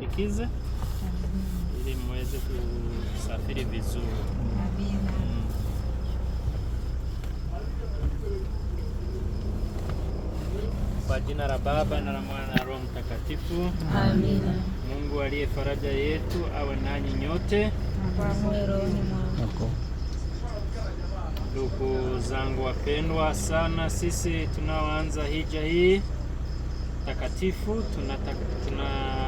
Likize ili mweze kusafiri vizuri. Mm. Kwa jina la Baba na la Mwana na Roho Mtakatifu. Amina. Mungu aliye faraja yetu awe nanyi nyote. Ndugu zangu wapendwa sana, sisi tunaoanza hija hii takatifu tuna, tuna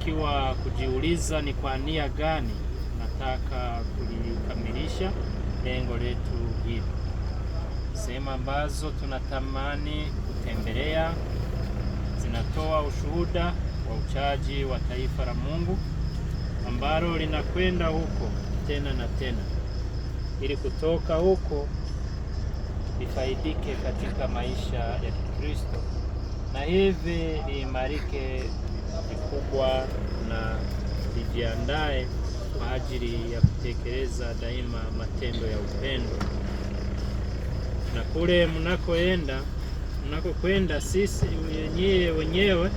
natakiwa kujiuliza ni kwa nia gani nataka kulikamilisha lengo letu hili. Sehemu ambazo tunatamani kutembelea zinatoa ushuhuda wa uchaji wa taifa la Mungu ambalo linakwenda huko tena na tena, ili kutoka huko lifaidike katika maisha ya Kikristo na hivi liimarike kubwa na lijiandae kwa ajili ya kutekeleza daima matendo ya upendo. Na kule mnakoenda, mnakokwenda, sisi wenyewe wenyewe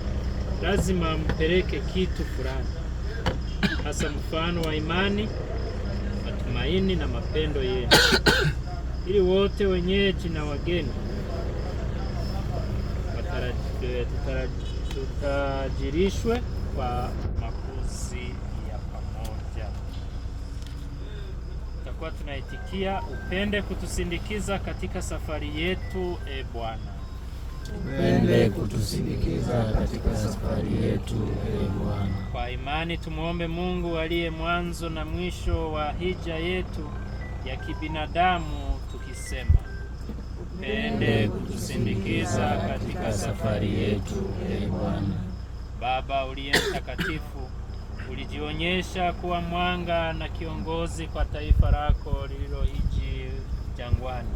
lazima mpeleke kitu fulani, hasa mfano wa imani, matumaini na mapendo yenu, ili wote wenyeji na wageni tutajirishwe kwa makuzi ya pamoja. Tutakuwa tunaitikia, upende kutusindikiza katika safari yetu, e Bwana. Upende kutusindikiza katika safari yetu, e Bwana. Kwa imani tumwombe Mungu aliye mwanzo na mwisho wa hija yetu ya kibinadamu tukisema upende kutusindikiza katika safari yetu, e Bwana. Baba uliye mtakatifu, ulijionyesha kuwa mwanga na kiongozi kwa taifa lako lililohiji jangwani.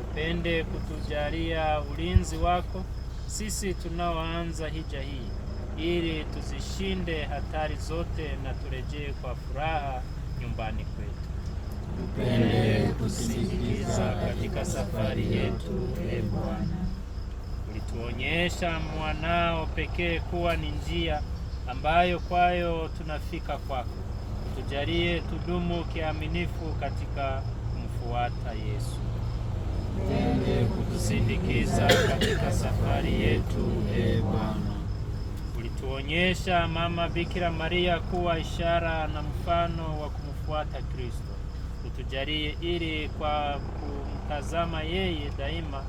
Upende kutujalia ulinzi wako sisi tunaoanza hija hii, ili tuzishinde hatari zote na turejee kwa furaha nyumbani kwetu. Upende kusindikiza katika safari yetu, e Bwana ametuonyesha mwanao pekee kuwa ni njia ambayo kwayo tunafika kwako. Tujalie tudumu kiaminifu katika kumfuata Yesu. Tende kutusindikiza katika safari yetu, e Bwana. Ulituonyesha mama Bikira Maria kuwa ishara na mfano wa kumfuata Kristo. Utujalie ili kwa kumtazama yeye daima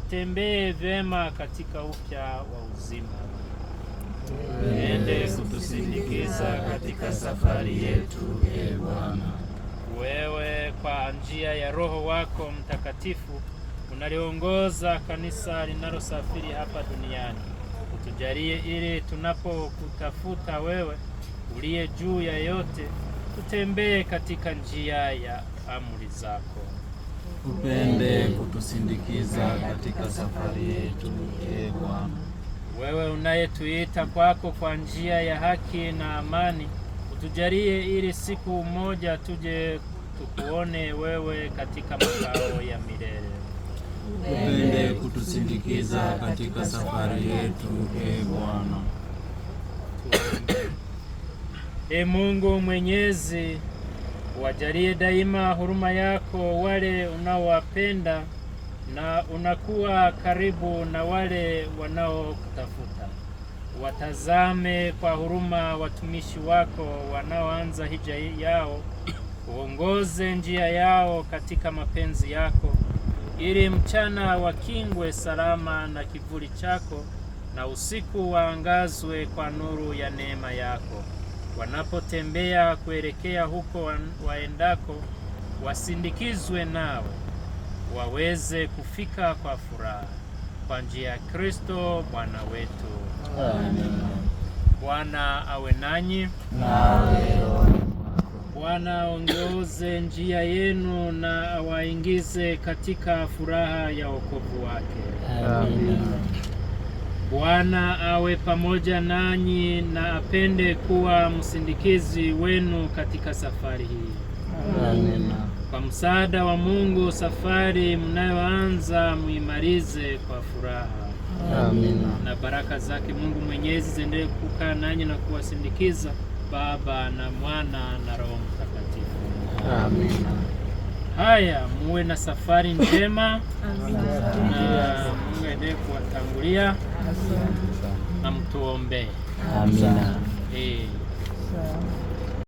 tutembee vyema katika upya wa uzima. Uende kutusindikiza katika safari yetu, e Bwana. Wewe kwa njia ya Roho wako Mtakatifu unaliongoza kanisa linalosafiri hapa duniani, utujalie ili tunapokutafuta wewe uliye juu ya yote tutembee katika njia ya amri zako upende kutusindikiza katika safari yetu. Ee Bwana, wewe unayetuita kwako kwa njia ya haki na amani, utujalie ili siku moja tuje tukuone wewe katika makao ya milele. Upende kutusindikiza katika safari yetu. Ee Bwana. Ee Mungu Mwenyezi Wajalie daima huruma yako wale unaowapenda na unakuwa karibu na wale wanaokutafuta. Watazame kwa huruma watumishi wako wanaoanza hija yao, uongoze njia yao katika mapenzi yako, ili mchana wakingwe salama na kivuli chako, na usiku waangazwe kwa nuru ya neema yako wanapotembea kuelekea huko waendako, wasindikizwe nao waweze kufika kwa furaha kwa njia ya Kristo Bwana wetu. Amen. Bwana awe nanyi. Bwana ongeze njia yenu na awaingize katika furaha ya wokovu wake. Amen. Bwana awe pamoja nanyi na apende kuwa msindikizi wenu katika safari hii. Amen. Kwa msaada wa Mungu, safari mnayoanza muimalize kwa furaha. Amen. Na baraka zake Mungu Mwenyezi ziendelee kukaa nanyi na kuwasindikiza, Baba na Mwana na Roho Mtakatifu. Amen. Haya, muwe na safari njema. Amen. Na aendelee kuwatangulia na mtuombee. Amina. Eh.